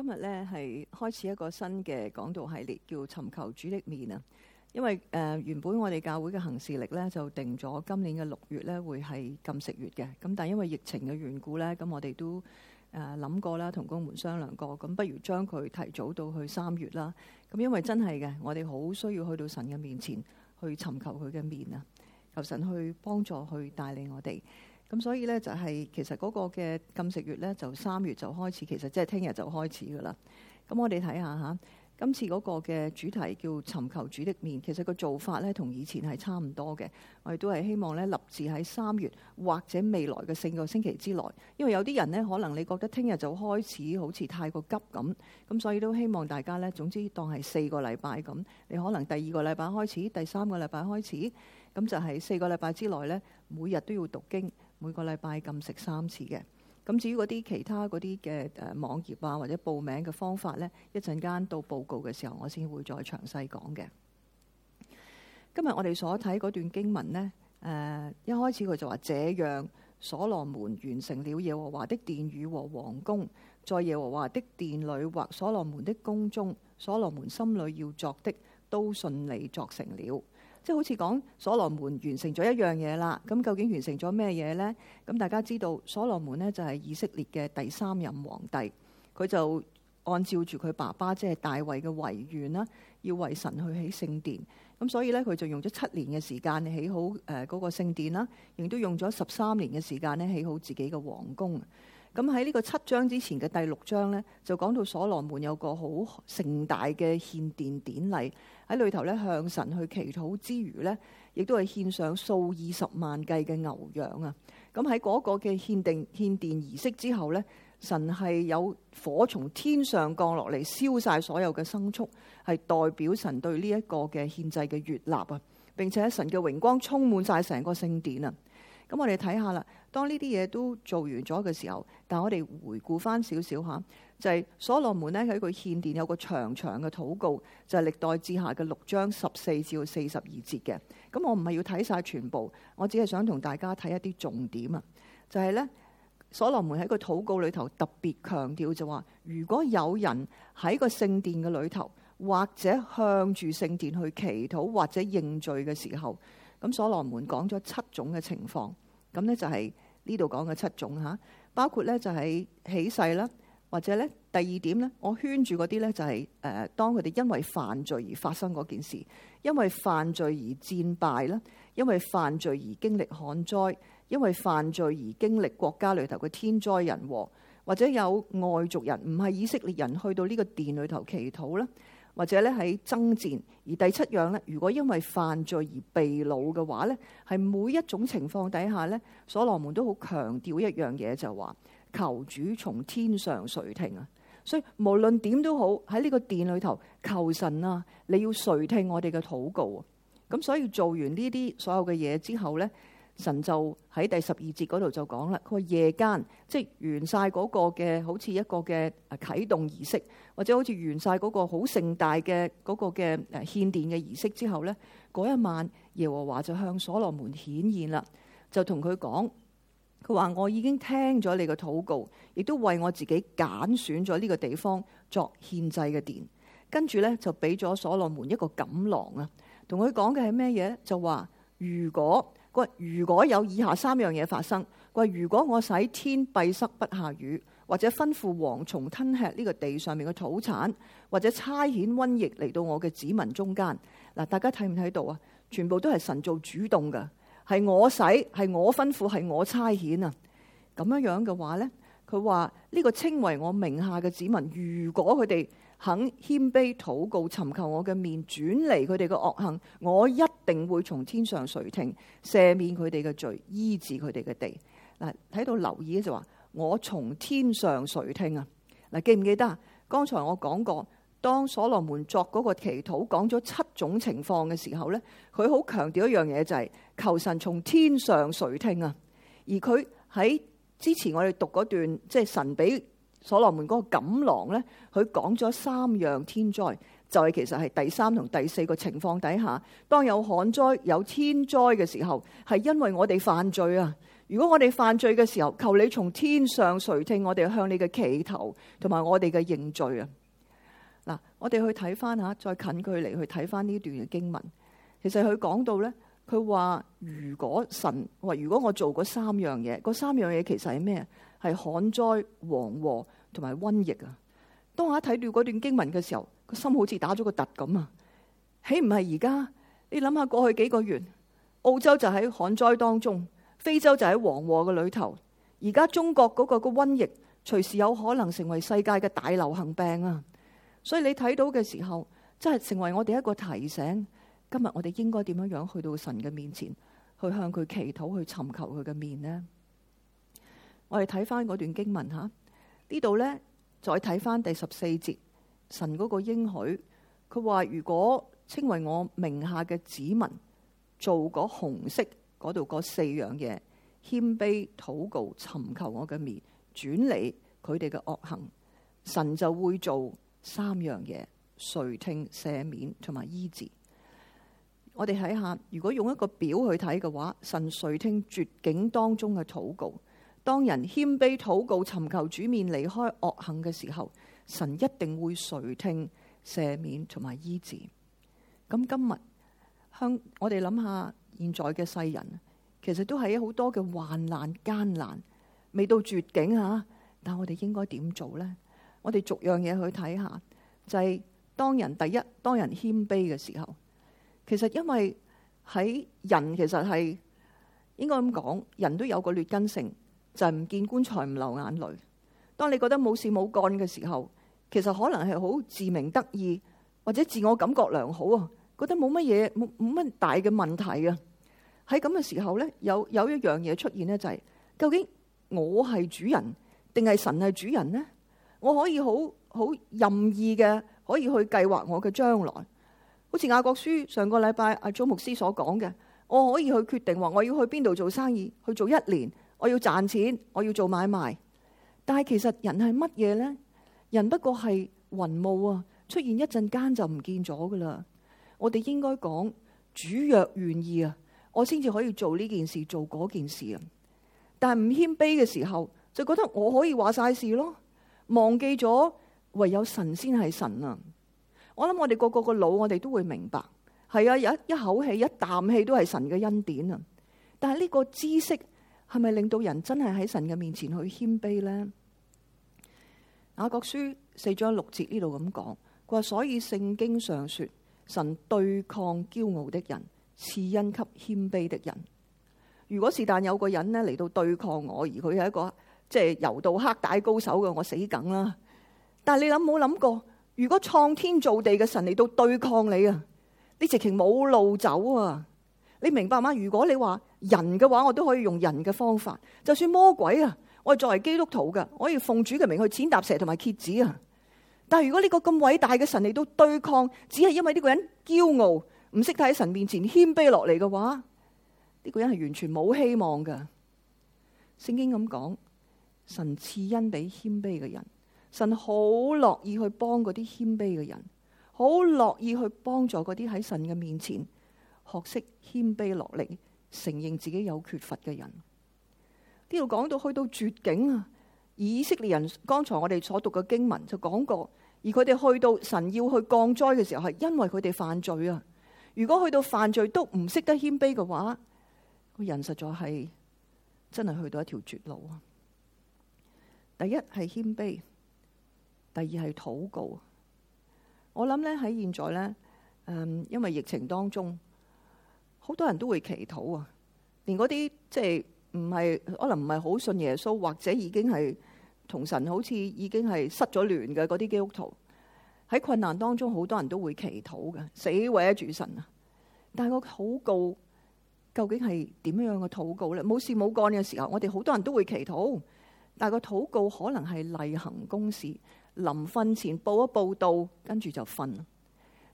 今日呢係開始一個新嘅講道系列，叫尋求主嘅面啊！因為誒、呃、原本我哋教會嘅行事歷咧就定咗今年嘅六月咧會係禁食月嘅，咁但因為疫情嘅緣故咧，咁我哋都誒諗、呃、過啦，同工們商量過，咁不如將佢提早到去三月啦。咁因為真係嘅，我哋好需要去到神嘅面前去尋求佢嘅面啊！求神去幫助去帶領我哋。咁所以咧就係其實嗰個嘅禁食月咧就三月就開始，其實即係聽日就開始噶啦。咁我哋睇下吓今次嗰個嘅主題叫尋求主的面，其實個做法咧同以前係差唔多嘅。我哋都係希望咧，立志喺三月或者未來嘅四個星期之內。因為有啲人呢，可能你覺得聽日就開始好似太過急咁，咁所以都希望大家咧，總之當係四個禮拜咁。你可能第二個禮拜開始，第三個禮拜開始，咁就係四個禮拜之內咧，每日都要讀經。每個禮拜禁食三次嘅，咁至於嗰啲其他嗰啲嘅誒網頁啊，或者報名嘅方法呢，一陣間到報告嘅時候，我先會再詳細講嘅。今日我哋所睇嗰段經文呢，一開始佢就話這樣，所羅門完成了耶和華的殿宇和王宮，在耶和華的殿裏或所羅門的宮中，所羅門心裏要作的都順利作成了。即好似講所羅門完成咗一樣嘢啦，咁究竟完成咗咩嘢呢？咁大家知道所羅門呢就係以色列嘅第三任皇帝，佢就按照住佢爸爸即係大衛嘅遺願啦，要為神去起聖殿。咁所以呢，佢就用咗七年嘅時間起好誒嗰個聖殿啦，亦都用咗十三年嘅時間呢起好自己嘅王宮。咁喺呢個七章之前嘅第六章呢，就講到所羅門有個好盛大嘅獻殿典禮喺裏頭咧，向神去祈禱之餘呢，亦都係獻上數二十萬計嘅牛羊啊！咁喺嗰個嘅獻定獻殿儀式之後呢，神係有火從天上降落嚟，燒晒所有嘅牲畜，係代表神對呢一個嘅獻祭嘅悅納啊！並且神嘅榮光充滿晒成個聖殿啊！咁我哋睇下啦，當呢啲嘢都做完咗嘅時候，但係我哋回顧翻少少吓，就係所羅門咧喺個獻殿有個長長嘅禱告，就係歷代志下嘅六章十四至到四十二節嘅。咁我唔係要睇晒全部，我只係想同大家睇一啲重點啊。就係咧，所羅門喺個禱告裏頭特別強調就話，如果有人喺個聖殿嘅裏頭，或者向住聖殿去祈禱或者認罪嘅時候。咁所羅門講咗七種嘅情況，咁呢就係呢度講嘅七種嚇，包括呢就係起勢啦，或者呢第二點呢，我圈住嗰啲呢就係、是、誒、呃，當佢哋因為犯罪而發生嗰件事，因為犯罪而戰敗啦，因為犯罪而經歷旱災，因為犯罪而經歷國家裏頭嘅天災人禍，或者有外族人唔係以色列人去到呢個殿裏頭祈禱啦。或者咧喺爭戰，而第七樣咧，如果因為犯罪而被擄嘅話咧，係每一種情況底下呢，所羅門都好強調一樣嘢就係話，求主從天上垂聽啊！所以無論點都好，喺呢個殿裏頭求神啊，你要垂聽我哋嘅禱告啊！咁所以做完呢啲所有嘅嘢之後呢。神就喺第十二節嗰度就講啦。佢話：夜間即係完晒嗰個嘅，好似一個嘅啟動儀式，或者好似完晒嗰個好盛大嘅嗰個嘅獻殿嘅儀式之後咧，嗰一晚耶和華就向所羅門顯現啦，就同佢講：佢話：我已經聽咗你嘅禱告，亦都為我自己揀選咗呢個地方作獻祭嘅殿。跟住咧就俾咗所羅門一個錦囊啊，同佢講嘅係咩嘢？就話如果如果有以下三樣嘢，發生，話如果我使天閉塞不下雨，或者吩咐蝗蟲吞吃呢個地上面嘅土產，或者差遣瘟疫嚟到我嘅子民中間，嗱，大家睇唔睇到啊？全部都係神做主動嘅，係我使，係我吩咐，係我差遣啊。咁樣樣嘅話呢，佢話呢個稱為我名下嘅子民，如果佢哋。肯謙卑禱告尋求我嘅面轉離佢哋嘅惡行，我一定會從天上垂聽，赦免佢哋嘅罪，醫治佢哋嘅地。嗱，喺度留意就話我從天上垂聽啊！嗱，記唔記得啊？剛才我講過，當所羅門作嗰個祈禱講咗七種情況嘅時候咧，佢好強調一樣嘢就係求神從天上垂聽啊！而佢喺之前我哋讀嗰段，即係神俾。所羅門嗰個錦囊咧，佢講咗三樣天災，就係、是、其實係第三同第四個情況底下，當有旱災、有天災嘅時候，係因為我哋犯罪啊。如果我哋犯罪嘅時候，求你從天上垂聽我哋向你嘅祈求，同埋我哋嘅認罪啊。嗱，我哋去睇翻吓，再近距離去睇翻呢段嘅經文，其實佢講到咧，佢話如果神話如果我做嗰三樣嘢，嗰三樣嘢其實係咩啊？係旱災、蝗禍。同埋瘟疫啊！當我一睇到嗰段經文嘅時候，個心好似打咗個突咁啊！豈唔係而家？你諗下過去幾個月，澳洲就喺旱災當中，非洲就喺蝗禍嘅裏頭，而家中國嗰個瘟疫隨時有可能成為世界嘅大流行病啊！所以你睇到嘅時候，真係成為我哋一個提醒。今日我哋應該點樣樣去到神嘅面前，去向佢祈禱，去尋求佢嘅面呢？我哋睇返嗰段經文吓。呢度呢，再睇翻第十四節，神嗰個應許，佢話如果稱為我名下嘅子民，做嗰紅色嗰度嗰四樣嘢，謙卑禱告，尋求我嘅面，轉離佢哋嘅惡行，神就會做三樣嘢：垂聽、赦免同埋醫治。我哋睇下，如果用一個表去睇嘅話，神垂聽絕境當中嘅禱告。當人謙卑禱告、尋求主面、離開惡行嘅時候，神一定會垂聽、赦免同埋醫治。咁今日香，向我哋諗下現在嘅世人，其實都係好多嘅患難、艱難，未到絕境吓。但我哋應該點做呢？我哋逐樣嘢去睇下，就係、是、當人第一，當人謙卑嘅時候，其實因為喺人，其實係應該咁講，人都有個劣根性。就係唔見棺材唔流眼淚。當你覺得冇事冇干嘅時候，其實可能係好自鳴得意或者自我感覺良好，啊，覺得冇乜嘢冇乜大嘅問題啊。喺咁嘅時候咧，有有一樣嘢出現咧，就係究竟我係主人定係神係主人呢？我可以好好任意嘅，可以去計劃我嘅將來，好似亞國書上個禮拜阿祖牧師所講嘅，我可以去決定話我要去邊度做生意去做一年。我要賺錢，我要做買賣，但係其實人係乜嘢咧？人不過係雲霧啊，出現一陣間就唔見咗噶啦。我哋應該講，主若願意啊，我先至可以做呢件事，做嗰件事啊。但係唔謙卑嘅時候，就覺得我可以話晒事咯，忘記咗，唯有神先係神啊。我諗我哋個個個腦，我哋都會明白，係啊，一一口氣一啖氣都係神嘅恩典啊。但係呢個知識。係咪令到人真係喺神嘅面前去謙卑咧？雅各書四章六節呢度咁講，佢話所以聖經上說，神對抗驕傲的人，賜恩給謙卑的人。如果是但有個人咧嚟到對抗我，而佢係一個即係柔道黑帶高手嘅，我死梗啦。但係你諗冇諗過，如果創天造地嘅神嚟到對抗你啊，你直情冇路走啊！你明白嘛？如果你話人嘅話，我都可以用人嘅方法。就算魔鬼啊，我係作為基督徒噶我以奉主嘅名去踐踏蛇同埋蠍子啊。但係如果呢個咁偉大嘅神嚟到對抗，只係因為呢個人驕傲，唔識得喺神面前謙卑落嚟嘅話，呢、呢個人係完全冇希望噶聖經咁講，神賜恩俾謙卑嘅人，神好樂意去幫嗰啲謙卑嘅人，好樂意去幫助嗰啲喺神嘅面前。學識謙卑，落力承認自己有缺乏嘅人。呢度講到去到絕境啊！以色列人剛才我哋所讀嘅經文就講過，而佢哋去到神要去降災嘅時候，係因為佢哋犯罪啊。如果去到犯罪都唔識得謙卑嘅話，個人實在係真係去到一條絕路啊。第一係謙卑，第二係禱告。我諗咧喺現在咧，誒、嗯，因為疫情當中。好多人都會祈禱啊，連嗰啲即係唔係可能唔係好信耶穌，或者已經係同神好似已經係失咗聯嘅嗰啲基督徒喺困難當中，好多人都會祈禱㗎，死為咗主神啊。但係個禱告究竟係點樣嘅禱告咧？冇事冇干嘅時候，我哋好多人都會祈禱，但係個禱告可能係例行公事，臨瞓前報一報到，跟住就瞓。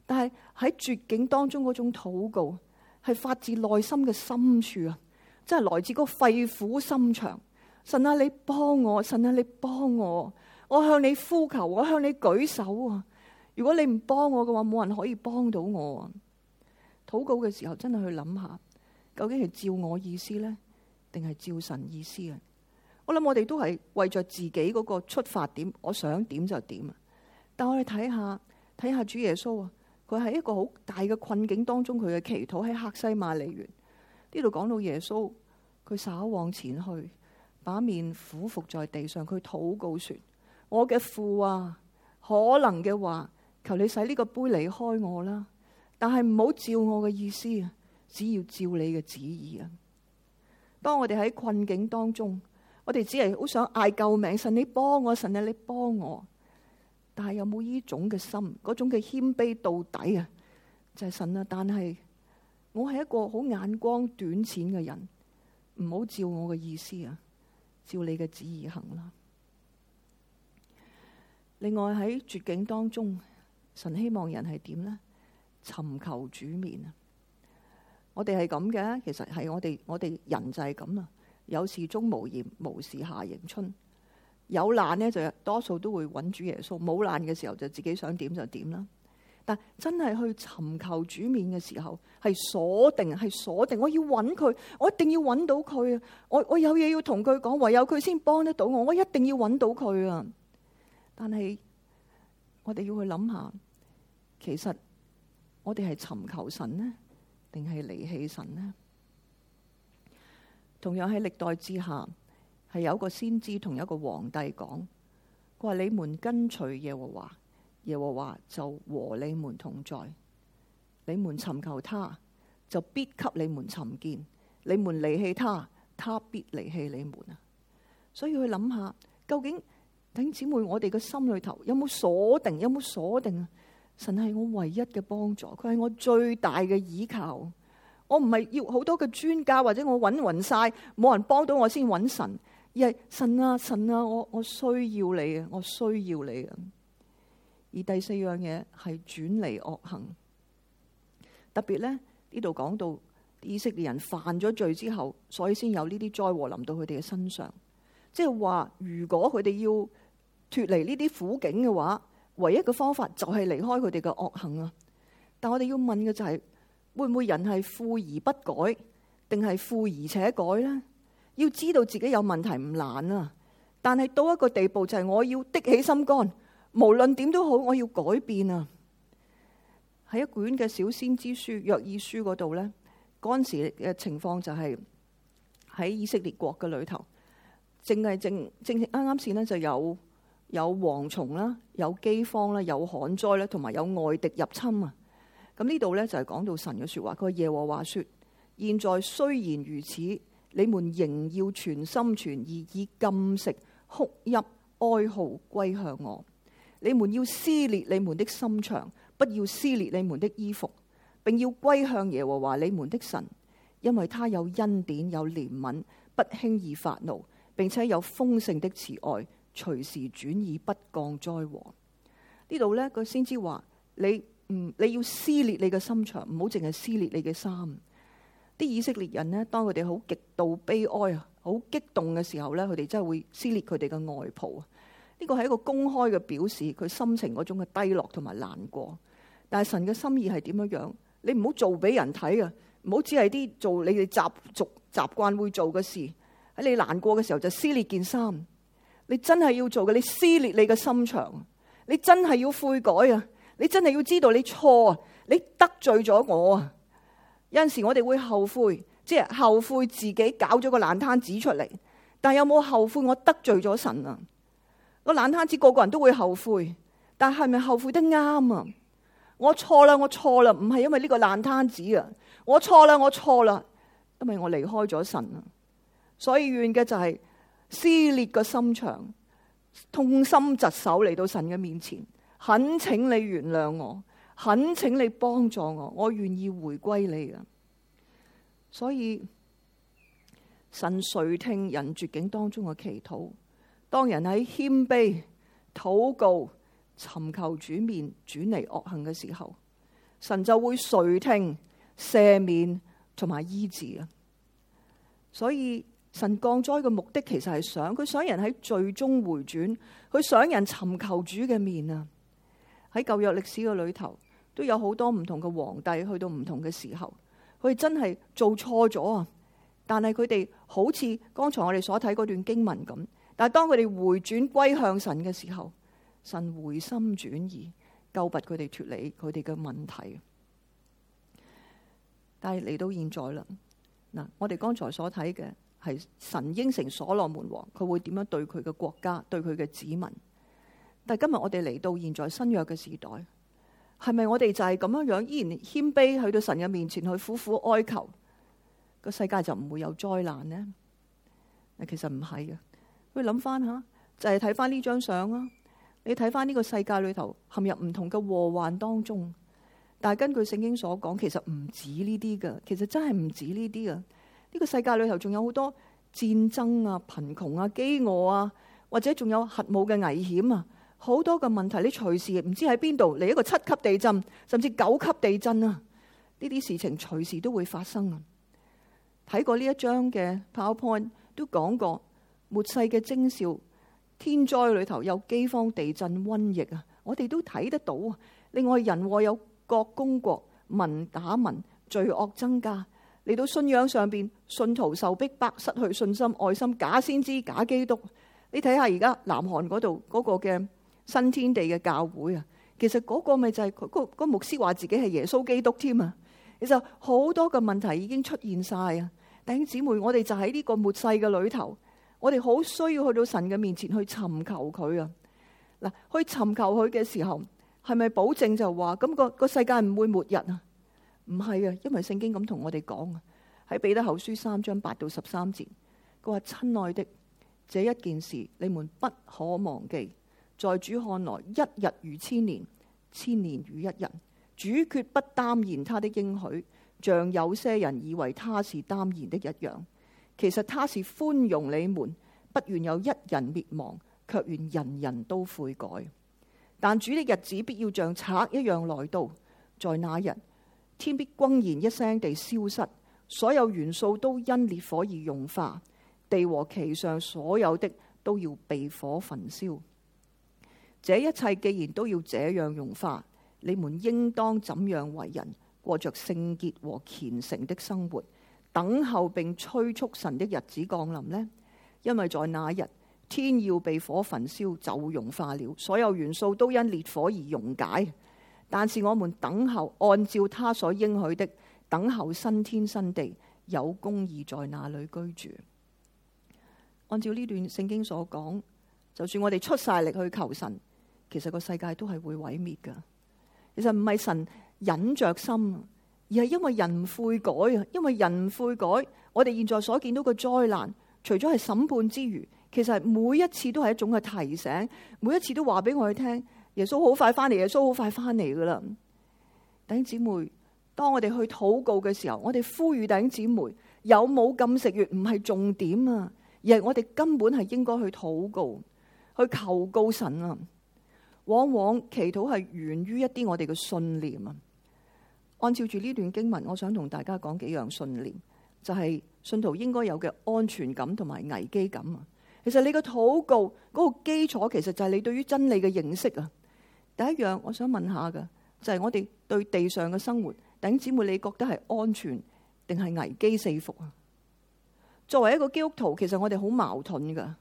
但係喺絕境當中嗰種禱告。係發自內心嘅深處啊，真係來自個肺腑心腸。神啊，你幫我！神啊，你幫我！我向你呼求，我向你舉手啊！如果你唔幫我嘅話，冇人可以幫到我啊！禱告嘅時候，真係去諗下，究竟係照我意思咧，定係照神意思啊？我諗我哋都係為着自己嗰個出發點，我想點就點啊！但我哋睇下睇下主耶穌啊！佢喺一個好大嘅困境當中，佢嘅祈禱喺客西馬尼園，呢度講到耶穌，佢稍往前去，把面俯伏在地上，佢禱告說：我嘅父啊，可能嘅話，求你使呢個杯離開我啦，但係唔好照我嘅意思啊，只要照你嘅旨意啊。當我哋喺困境當中，我哋只係好想嗌救命，神你幫我，神啊，你幫我。但係有冇呢種嘅心，嗰種嘅謙卑到底啊？就係神啊！但係我係一個好眼光短淺嘅人，唔好照我嘅意思啊，照你嘅旨意行啦。另外喺絕境當中，神希望人係點呢？尋求主面啊！我哋係咁嘅，其實係我哋我哋人就係咁啊！有事鍾無艷，無事夏迎春。有難咧，就多數都會揾主耶穌；冇難嘅時候，就自己想點就點啦。但真係去尋求主面嘅時候，係鎖定，係鎖定。我要揾佢，我一定要揾到佢啊！我我有嘢,要同佢講，唯有佢先幫得到我，我一定要揾到佢啊！但係我哋要去諗下，其實我哋係尋求神呢，定係離棄神呢？同樣喺歷代之下。係有一個先知同一個皇帝講，佢話，你們跟隨耶和華，耶和華就和你們同在。你們尋求他，就必給你們尋見；你們離棄他，他必離棄你們。所以去諗下，究竟弟姊妹，我哋個心裏頭有冇鎖定？有冇鎖定啊？神係我唯一嘅幫助，佢係我最大嘅依靠。我唔係要好多嘅專家，或者我揾勻晒，冇人幫到我先揾神。耶！神啊神啊，我我需要你啊，我需要你啊。而第四樣嘢係轉離惡行。特別咧呢度講到以色列人犯咗罪之後，所以先有呢啲災禍臨到佢哋嘅身上。即係話，如果佢哋要脫離呢啲苦境嘅話，唯一嘅方法就係離開佢哋嘅惡行啊！但我哋要問嘅就係、是，會唔會人係富而不改，定係富而且改咧？要知道自己有問題唔難啊，但係到一個地步就係、是、我要的起心肝，無論點都好，我要改變啊！喺一卷嘅小先知書約珥書嗰度咧，嗰陣時嘅情況就係喺以色列國嘅裏頭，正係正，正正啱啱先呢，就有有蝗蟲啦、有饑荒啦、有旱災啦，同埋有外敵入侵啊！咁呢度咧就係講到神嘅説話，佢、就、耶、是、和華説：現在雖然如此。你們仍要全心全意以禁食、哭泣、哀號歸向我。你們要撕裂你們的心腸，不要撕裂你們的衣服，並要歸向耶和華你們的神，因為他有恩典、有憐憫，不輕易發怒，並且有豐盛的慈愛，隨時轉意，不降災禍。呢度呢，佢先知話：你唔，你要撕裂你嘅心腸，唔好淨係撕裂你嘅衫。以色列人呢，當佢哋好極度悲哀啊，好激動嘅時候呢，佢哋真係會撕裂佢哋嘅外袍啊！呢個係一個公開嘅表示，佢心情嗰種嘅低落同埋難過。但係神嘅心意係點樣樣？你唔好做俾人睇啊！唔好只係啲做你哋習俗習慣會做嘅事。喺你難過嘅時候就撕裂件衫，你真係要做嘅。你撕裂你嘅心腸，你真係要悔改啊！你真係要知道你錯啊！你得罪咗我啊！有陣時我哋會後悔，即係後悔自己搞咗個爛攤子出嚟。但有冇後悔我得罪咗神啊？個爛攤子個個人都會後悔，但係咪後悔得啱啊？我錯啦，我錯啦，唔係因為呢個爛攤子啊，我錯啦，我錯啦，因為我離開咗神啊。所以怨嘅就係撕裂個心腸，痛心疾首嚟到神嘅面前，懇請你原諒我。懇請你幫助我，我願意回歸你嘅。所以神垂聽人絕境當中嘅祈禱，當人喺謙卑禱告、尋求主面、轉離惡行嘅時候，神就會垂聽、赦免同埋醫治啊。所以神降災嘅目的其實係想佢想人喺最終回轉，佢想人尋求主嘅面啊。喺舊約歷史嘅裏頭。都有好多唔同嘅皇帝去到唔同嘅時候，佢哋真係做錯咗啊！但係佢哋好似剛才我哋所睇嗰段經文咁，但係當佢哋回轉歸向神嘅時候，神回心轉意，救拔佢哋脫離佢哋嘅問題。但係嚟到現在啦，嗱，我哋剛才所睇嘅係神應承所羅門王，佢會點樣對佢嘅國家、對佢嘅子民？但係今日我哋嚟到現在新約嘅時代。係咪我哋就係咁樣樣依然謙卑去到神嘅面前去苦苦哀求，個世界就唔會有災難呢？其實唔係嘅，你諗翻吓，就係睇翻呢張相啊。你睇翻呢個世界裏頭陷入唔同嘅禍患當中，但係根據聖經所講，其實唔止呢啲㗎，其實真係唔止呢啲啊。呢個世界裏頭仲有好多戰爭啊、貧窮啊、飢餓啊，或者仲有核武嘅危險啊。好多嘅問題，你隨時唔知喺邊度嚟一個七級地震，甚至九級地震啊！呢啲事情隨時都會發生啊！睇過呢一章嘅 PowerPoint 都講過，末世嘅徵兆，天災裏頭有饑荒、地震、瘟疫啊！我哋都睇得到啊！另外人禍有國攻國，民打民，罪惡增加。嚟到信仰上面，信徒受逼迫，失去信心、愛心，假先知、假基督。你睇下而家南韓嗰度嗰個嘅。新天地嘅教會啊，其實嗰個咪就係、係、嗰、嗰個、嗰個牧師話自己係耶穌基督添啊！其實好多嘅問題已經出現晒啊！弟兄姊妹，我哋就喺呢個末世嘅裏頭，我哋好需要去到神嘅面前去尋求佢啊！嗱，去尋求佢嘅時候，係咪保證就話咁、嗰個世界唔會末日啊？唔係啊，因為聖經咁同我哋講啊，喺彼得後書三章八到十三節，佢話親愛的，這一件事你們不可忘記。在主看來，一日如千年，千年如一日。主決不擔言他的應許，像有些人以為他是擔言的一樣。其實他是寬容你們，不願有一人滅亡，卻願人人都悔改。但主的日子必要像賊一樣來到，在那日，天必轟然一聲地消失，所有元素都因烈火而融化，地和其上所有的都要被火焚燒。這一切既然都要這樣融化，你們應當怎樣為人，過着聖潔和虔誠的生活，等候並催促神的日子降臨呢？因為在那日，天要被火焚燒，就融化了，所有元素都因烈火而溶解。但是我們等候，按照他所應許的，等候新天新地，有公義在那裏居住。按照呢段聖經所講，就算我哋出晒力去求神。其實個世界都係會毀滅噶。其實唔係神忍着心，而係因為人悔改啊。因為人悔改，我哋現在所見到個災難，除咗係審判之餘，其實每一次都係一種嘅提醒，每一次都話俾我哋聽，耶穌好快翻嚟，耶穌好快翻嚟噶啦。弟兄姊妹，當我哋去禱告嘅時候，我哋呼籲弟兄姊妹，有冇禁食月唔係重點啊，而係我哋根本係應該去禱告，去求告神啊。往往祈禱係源於一啲我哋嘅信念啊。按照住呢段經文，我想同大家講幾樣信念，就係信徒應該有嘅安全感同埋危機感啊。其實你個禱告嗰個基礎，其實就係你對於真理嘅認識啊。第一樣我想問下噶，就係我哋對地上嘅生活，弟兄姊妹，你覺得係安全定係危機四伏啊？作為一個基督徒，其實我哋好矛盾噶。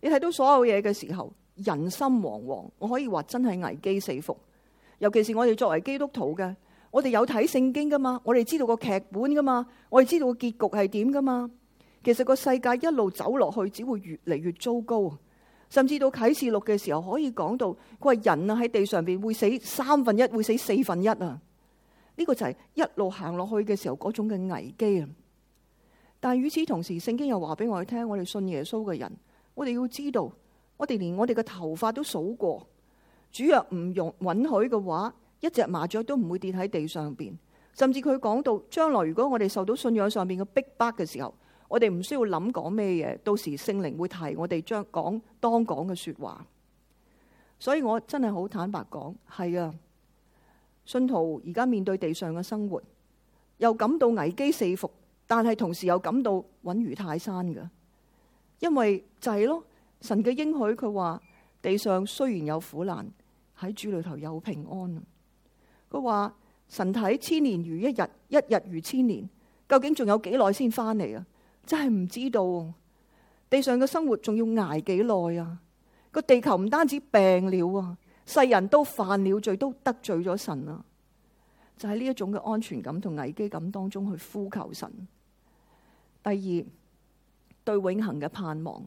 你睇到所有嘢嘅時候。人心惶惶，我可以話真係危機四伏。尤其是我哋作為基督徒嘅，我哋有睇聖經噶嘛？我哋知道個劇本噶嘛？我哋知道個結局係點噶嘛？其實個世界一路走落去，只會越嚟越糟糕，甚至到啟示錄嘅時候可以講到，佢話人啊喺地上邊會死三分一會死四分一啊。呢個就係一路行落去嘅時候嗰種嘅危機啊！但係與此同時，聖經又話俾我哋聽，我哋信耶穌嘅人，我哋要知道。我哋連我哋嘅頭髮都數過，主若唔容允許嘅話，一隻麻雀都唔會跌喺地上邊。甚至佢講到將來，如果我哋受到信仰上面嘅逼迫嘅時候，我哋唔需要諗講咩嘢，到時聖靈會提我哋將講當講嘅說話。所以我真係好坦白講，係啊，信徒而家面對地上嘅生活，又感到危機四伏，但係同時又感到穩如泰山㗎，因為就係咯。神嘅應許，佢話地上雖然有苦難，喺主裏頭有平安。佢話神睇千年如一日，一日如千年，究竟仲有幾耐先返嚟啊？真係唔知道。地上嘅生活仲要挨幾耐啊？個地球唔單止病了啊，世人都犯了罪，都得罪咗神啊！就喺呢一種嘅安全感同危機感當中去呼求神。第二，對永恆嘅盼望。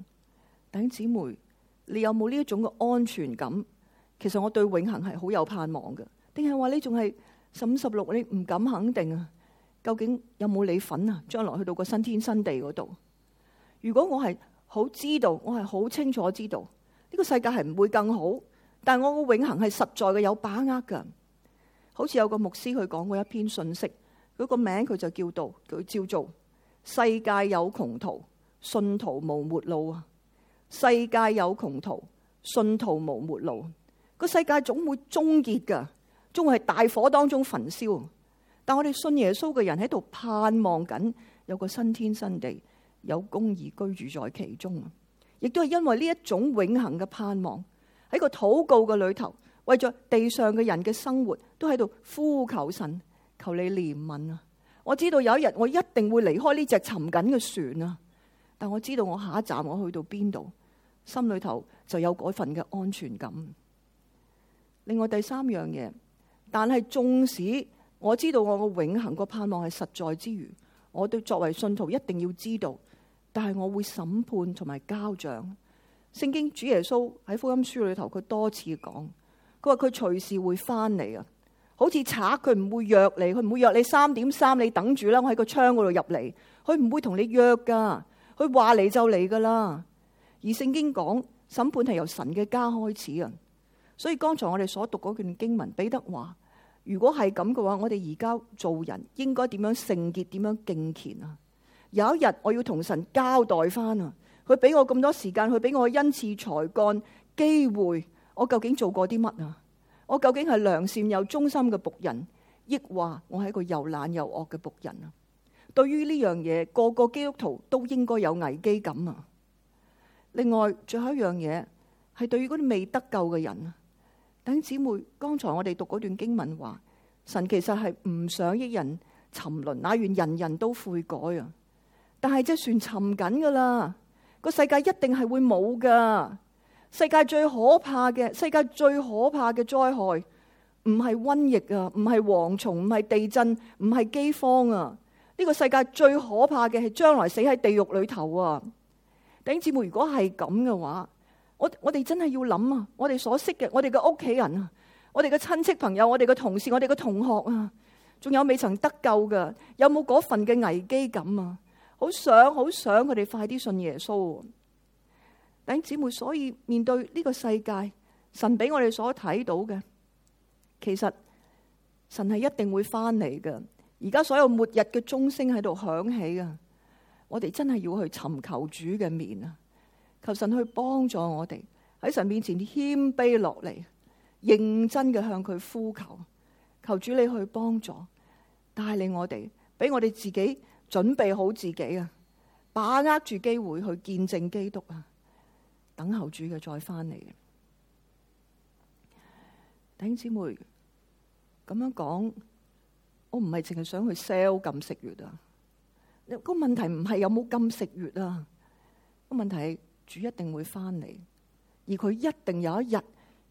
等姊妹，你有冇呢一種嘅安全感？其實我對永恆係好有盼望嘅，定係話你仲係十五十六？你唔敢肯定啊？究竟有冇你份啊？將來去到個新天新地嗰度，如果我係好知道，我係好清楚知道呢個世界係唔會更好，但係我嘅永恆係實在嘅有把握嘅。好似有個牧師佢講過一篇信息，佢個名佢就叫做佢叫做《世界有窮途，信徒無末路》啊。世界有窮途，信徒無末路。個世界總會終結㗎，總會喺大火當中焚燒。但我哋信耶穌嘅人喺度盼望緊有個新天新地，有公義居住在其中。亦都係因為呢一種永恆嘅盼望，喺個禱告嘅裏頭，為咗地上嘅人嘅生活，都喺度呼求神，求你憐憫啊！我知道有一日我一定會離開呢隻沉緊嘅船啊！但我知道我下一站我去到邊度，心裏頭就有嗰份嘅安全感。另外第三樣嘢，但係縱使我知道我嘅永恆個盼望係實在之餘，我都作為信徒一定要知道，但係我會審判同埋交賬。聖經主耶穌喺福音書裏頭，佢多次講佢話，佢隨時會翻嚟啊！好似賊，佢唔會約你，佢唔會約你三點三，3 .3，你等住啦。我喺個窗嗰度入嚟，佢唔會同你約㗎。佢話嚟，就嚟噶啦，而聖經講審判係由神嘅家開始啊。所以剛才我哋所讀嗰段經文，彼得話：如果係咁嘅話，我哋而家做人應該點樣聖潔？點樣敬虔啊？有一日我要同神交代翻啊！佢俾我咁多時間，佢俾我恩賜才幹機會，我究竟做過啲乜啊？我究竟係良善又忠心嘅僕人，抑或我係一個又懶又惡嘅僕人啊？對於呢樣嘢，個個基督徒都應該有危機感啊。另外，最後一樣嘢係對於嗰啲未得救嘅人啊，等姊妹剛才我哋讀嗰段經文話，神其實係唔想一人沉淪，乃願人人都悔改啊。但係即係算沉緊噶啦，個世界一定係會冇噶。世界最可怕嘅，世界最可怕嘅災害唔係瘟疫啊，唔係蝗蟲，唔係地震，唔係飢荒啊。呢個世界最可怕嘅係將來死喺地獄裏頭啊！弟兄姊妹，如果係咁嘅話，我我哋真係要諗啊！我哋所識嘅，我哋嘅屋企人啊，我哋嘅親戚朋友，我哋嘅同事，我哋嘅同學啊，仲有未曾得救嘅，有冇嗰份嘅危機感啊？好想好想佢哋快啲信耶穌啊！弟兄姊妹，所以面對呢個世界，神俾我哋所睇到嘅，其實神係一定會翻嚟嘅。而家所有末日嘅鐘聲喺度響起啊！我哋真係要去尋求主嘅面啊！求神去幫助我哋喺神面前謙卑落嚟，認真嘅向佢呼求，求，求主你去幫助，帶領我哋，俾我哋自己準備好自己啊！把握住機會去見證基督啊！等候主嘅再返嚟。弟兄姊妹咁樣講。我唔係淨係想去 sell 禁食月啊！個問題唔係有冇禁食月啊，個問題係主一定會翻嚟，而佢一定有一日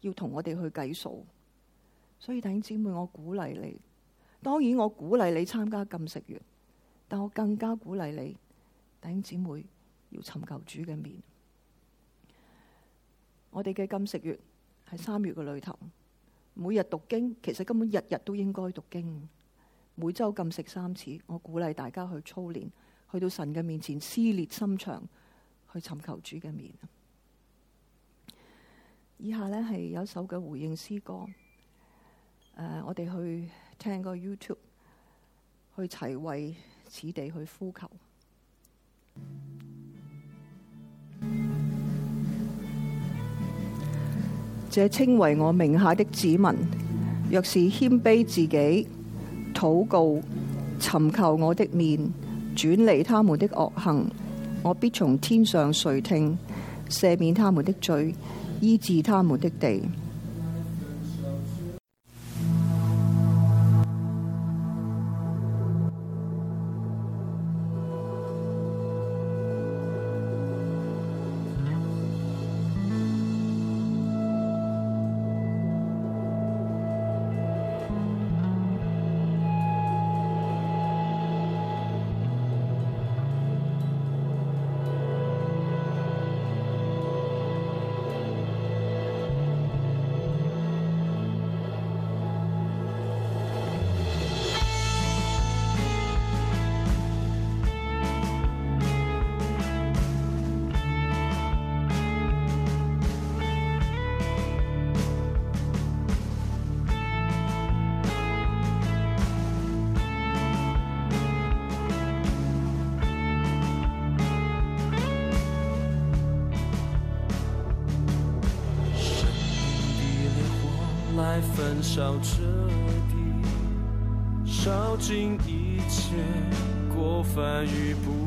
要同我哋去計數。所以弟兄姊妹，我鼓勵你。當然我鼓勵你參加禁食月，但我更加鼓勵你，弟兄姊妹要尋求主嘅面。我哋嘅禁食月係三月嘅裏頭，每日讀經其實根本日日都應該讀經。每周禁食三次，我鼓勵大家去操練，去到神嘅面前撕裂心腸，去尋求主嘅面。以下呢係有一首嘅回應詩歌，呃，我哋去聽個 YouTube，去齊為此地去呼求。這稱為我名下的子民，若是謙卑自己，禱告，尋求我的面，轉離他們的惡行，我必從天上垂聽，赦免他們的罪，醫治他們的地。燃燒徹底，燒盡一切過犯與不。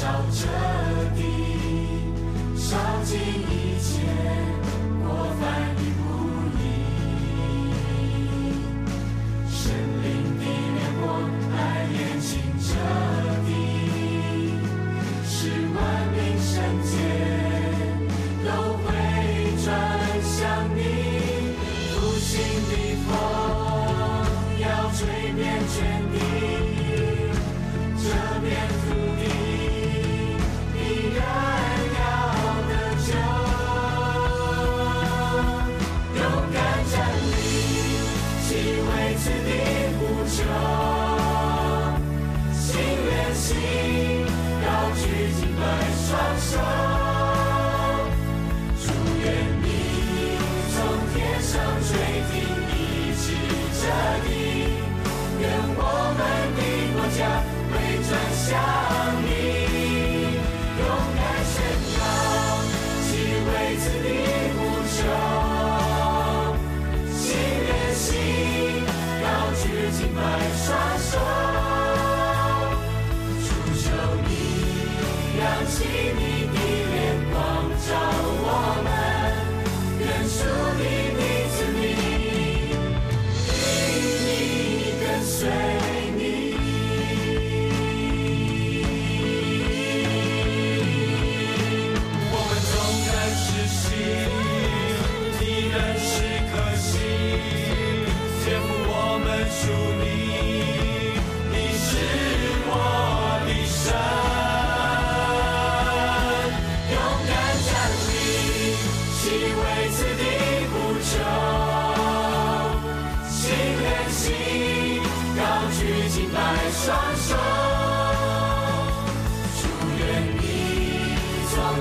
笑着。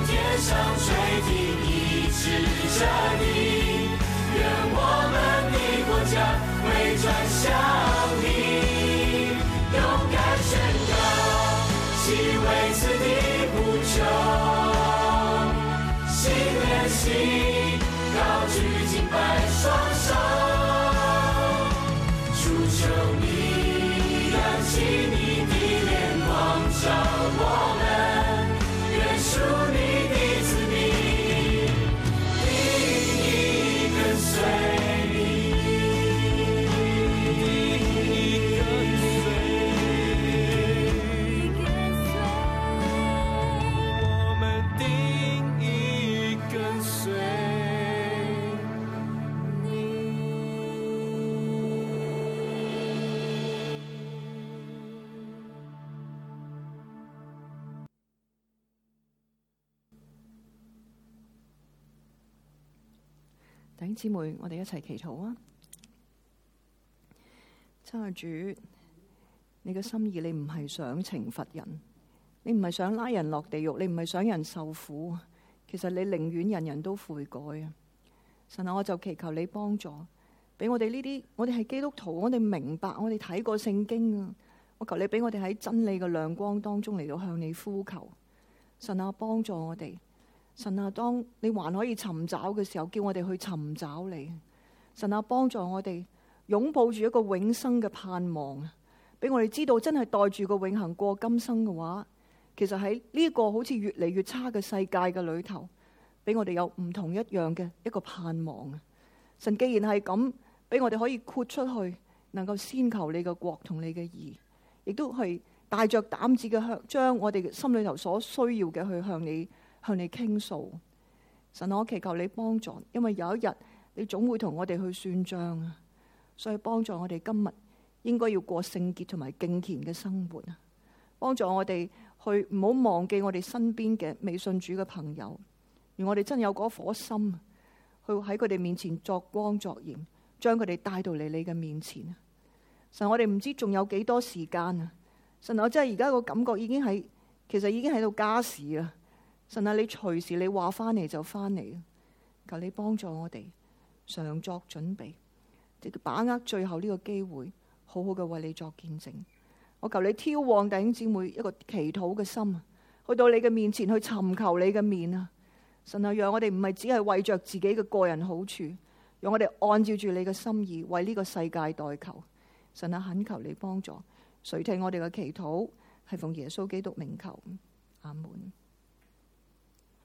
天上垂滴一枝着，你願我們的國家回轉向你。弟兄姊妹，我哋一齊祈禱啊！親愛的主，你嘅心意，你唔係想懲罰人，你唔係想拉人落地獄，你唔係想人受苦。其實你寧願人人都悔改啊！神啊，我就祈求你幫助，俾我哋呢啲，我哋係基督徒，我哋明白，我哋睇過聖經啊！我求你俾我哋喺真理嘅亮光當中嚟到向你呼求，神啊，幫助我哋。神啊，當你還可以尋找嘅時候，叫我哋去尋找你。神啊，幫助我哋擁抱住一個永生嘅盼望，俾我哋知道真係帶住個永恆過今生嘅話，其實喺呢個好似越嚟越差嘅世界嘅裏頭，俾我哋有唔同一樣嘅一個盼望。神既然係咁，俾我哋可以豁出去，能夠先求你嘅國同你嘅義，亦都係帶着膽子嘅向將我哋心裏頭所需要嘅去向你。向你傾訴，神，我祈求你幫助，因為有一日你總會同我哋去算賬啊。所以幫助我哋今日應該要過聖潔同埋敬虔嘅生活啊。幫助我哋去唔好忘記我哋身邊嘅未信主嘅朋友，而我哋真有嗰顆心去喺佢哋面前作光作鹽，將佢哋帶到嚟你嘅面前啊。神，我哋唔知仲有幾多時間啊。神，我真係而家個感覺已經喺其實已經喺度加時啊。神啊，你隨時你話翻嚟就翻嚟啊！求你幫助我哋常作準備，即把握最後呢個機會，好好嘅為你作見證。我求你挑旺弟兄姊妹一個祈禱嘅心，去到你嘅面前去尋求你嘅面啊！神啊，讓我哋唔係只係為着自己嘅個人好處，讓我哋按照住你嘅心意為呢個世界代求。神啊，懇求你幫助，垂聽我哋嘅祈禱係奉耶穌基督名求。阿門。